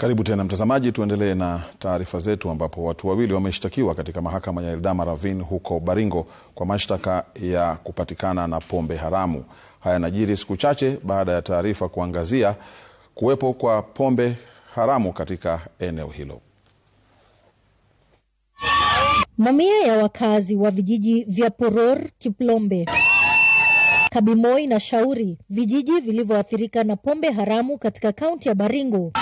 Karibu tena mtazamaji, tuendelee na taarifa zetu ambapo watu wawili wameshtakiwa katika mahakama ya Eldama Ravine huko Baringo kwa mashtaka ya kupatikana na pombe haramu. Haya yanajiri siku chache baada ya taarifa kuangazia kuwepo kwa pombe haramu katika eneo hilo. Mamia ya wakazi wa vijiji vya Poror, Kiplombe, Kabimoi na Shauri, vijiji vilivyoathirika na pombe haramu katika kaunti ya Baringo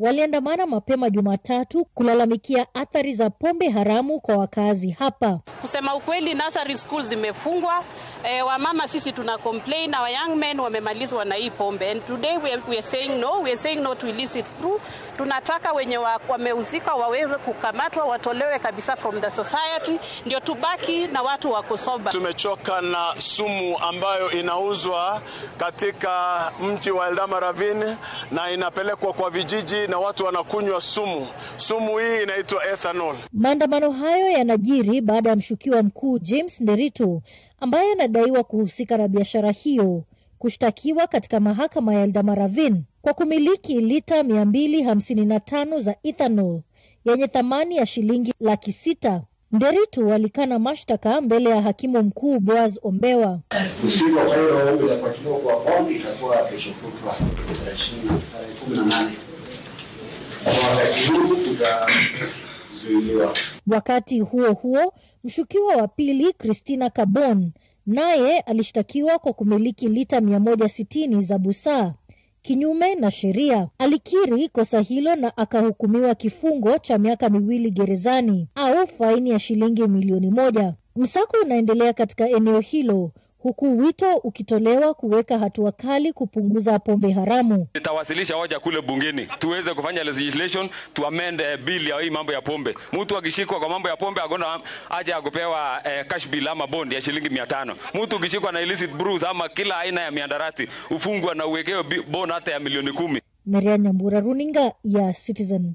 waliandamana mapema Jumatatu kulalamikia athari za pombe haramu kwa wakazi hapa. Kusema ukweli, nursery school zimefungwa. E, eh, wamama sisi tuna complain our young men wamemalizwa na hii pombe and today we are, we are saying no, we are saying no to illicit through. Tunataka wenye wameuzika wawewe kukamatwa watolewe kabisa from the society, ndio tubaki na watu wako Tumechoka na sumu ambayo inauzwa katika mji wa Eldama Ravine na inapelekwa kwa vijiji na watu wanakunywa sumu. Sumu hii inaitwa ethanol. Maandamano hayo yanajiri baada ya mshukiwa mkuu James Nderitu ambaye anadaiwa kuhusika na biashara hiyo kushtakiwa katika mahakama ya Eldamaravin kwa kumiliki lita 255 za ethanol yenye thamani ya shilingi laki sita. Nderitu alikana mashtaka mbele ya hakimu mkuu Boaz Ombewa. Usiku wa leo itafuatiliwa kwa ombi, itakuwa kesho kutwa tarehe 18. Wakati huo huo, mshukiwa wa pili Christina Cabon naye alishtakiwa kwa kumiliki lita 160 za busaa kinyume na sheria. Alikiri kosa hilo na akahukumiwa kifungo cha miaka miwili gerezani au faini ya shilingi milioni moja. Msako unaendelea katika eneo hilo huku wito ukitolewa kuweka hatua kali kupunguza pombe haramu. Nitawasilisha hoja kule bungeni tuweze kufanya legislation to amend eh, bill ya hii mambo ya pombe. Mtu akishikwa kwa mambo ya pombe agona aje akupewa eh, cash bill ama bond ya shilingi mia tano. Mtu ukishikwa na illicit brews ama kila aina ya miandarati ufungwa na uwekewe bond hata ya milioni kumi. Maria Nyambura, runinga ya Citizen.